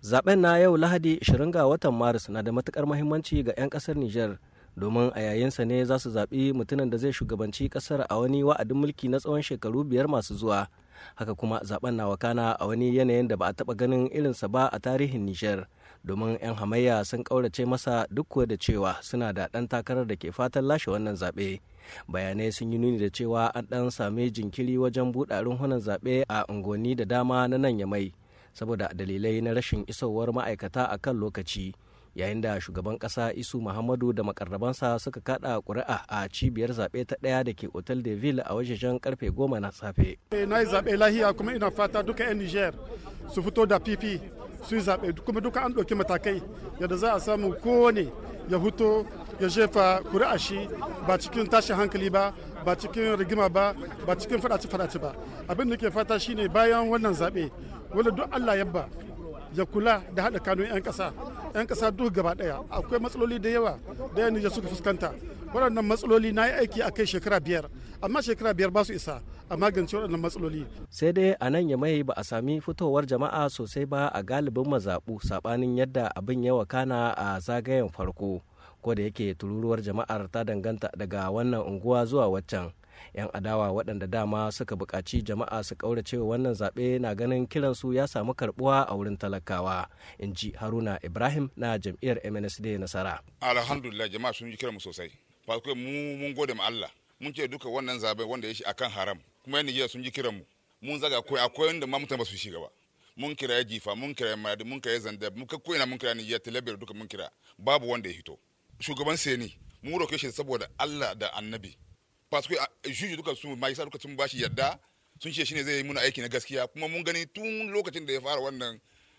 zaben na yau lahadi 20 ga watan maris na da matukar mahimmanci ga 'yan kasar niger domin a yayinsa ne za su zaɓi mutumin da zai shugabanci kasar a wani wa'adin mulki na tsawon shekaru biyar masu zuwa haka kuma zaben na wakana a wani yanayin da ba a taɓa ganin irinsa ba a tarihin niger domin 'yan hamayya sun ƙaurace masa duk da cewa suna da ɗan takarar da ke fatan lashe wannan zaɓe bayanai sun yi nuni da cewa an ɗan sami jinkiri wajen buɗe honon zaɓe a unguwanni da dama na nan ya mai saboda dalilai na rashin isowar ma'aikata a kan lokaci yayin da shugaban kasa isu muhammadu da makarrabansa suka kada kuri'a a cibiyar zaɓe ta ɗaya da ke otal de ville a wajejen karfe goma na safe eh, na yi zaɓe lahiya kuma ina fata duka 'yan niger su fito da pp. su yi zaɓe kuma duka an ɗauki matakai yadda za a samu kowane ya huto ya jefa kuri'a shi ba cikin tashi hankali ba ba cikin rigima ba ba cikin faɗace-faɗace ba abin da ke fata shine bayan wannan zaɓe wanda duk allah yabba ya kula da haɗa kanun 'yan ƙasa 'yan ƙasa duk gaba ɗaya akwai matsaloli da yawa da yan suka fuskanta waɗannan matsaloli na yi aiki a kai shekara biyar amma shekara biyar ba su isa a magance waɗannan matsaloli. Sai dai a nan ya mai ba a sami fitowar jama'a sosai ba a galibin mazaɓu saɓanin yadda abin ya wakana a zagayen farko. Ko da yake tururuwar jama'ar ta danganta daga wannan unguwa zuwa waccan. 'Yan adawa waɗanda dama suka buƙaci jama'a su ƙaurace wannan zaɓe na ganin kiransu ya samu karɓuwa a wurin talakawa. In ji Haruna Ibrahim na jam'iyyar MNSD Nasara. Alhamdulillah jama'a sun ji kiranmu sosai. Fakwai mu mun gode ma Allah. Mun ce duka wannan zaɓe wanda ya shi akan haram kuma yan Nijeriya sun ji kiran mu mun zaga akwai akwai wanda ma mutane ba su shiga ba mun kira jifa mun kira mayadi mun kira zandab mun kai koina mun kira Nigeria talabiyar duka mun kira babu wanda ya hito shugaban seni mun roke shi saboda Allah da Annabi parce que eh, juju duka sun mai sa duka sun bashi yadda sun ce shine zai yi muna aiki na gaskiya kuma mun gani tun lokacin da ya fara wannan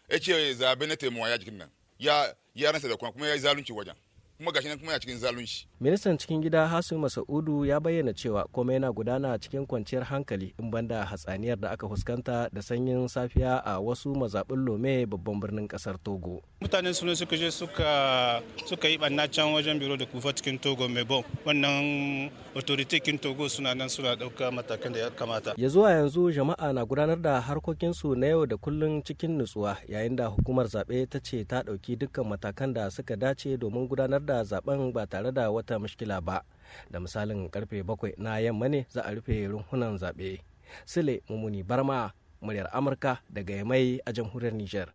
ya ce zabe na taimawa ya jikin nan ya ransa da kuma ya yi zalunci wajen kuma gashi nan kuma ya cikin zalunci. Ministan cikin gida Hasu Masaudu ya bayyana cewa komai yana gudana cikin kwanciyar hankali in banda hatsaniyar da aka fuskanta da sanyin safiya a wasu mazaɓin Lome babban birnin ƙasar Togo. Mutanen su suka je suka suka yi ɓanna can wajen biro da kufa cikin Togo mai bom. Wannan authority kin Togo suna nan suna ɗauka matakan da ya kamata. Ya zuwa yanzu jama'a na gudanar da harkokinsu na yau da kullun cikin nutsuwa yayin da hukumar zaɓe ta ce ta ɗauki dukkan matakan da suka dace domin gudanar da zaben ba tare da wata mushkila ba da misalin karfe bakwai na yamma ne za a rufe runhunan zaɓe sule mummuni barma muryar amurka daga yamai a jamhuriyar niger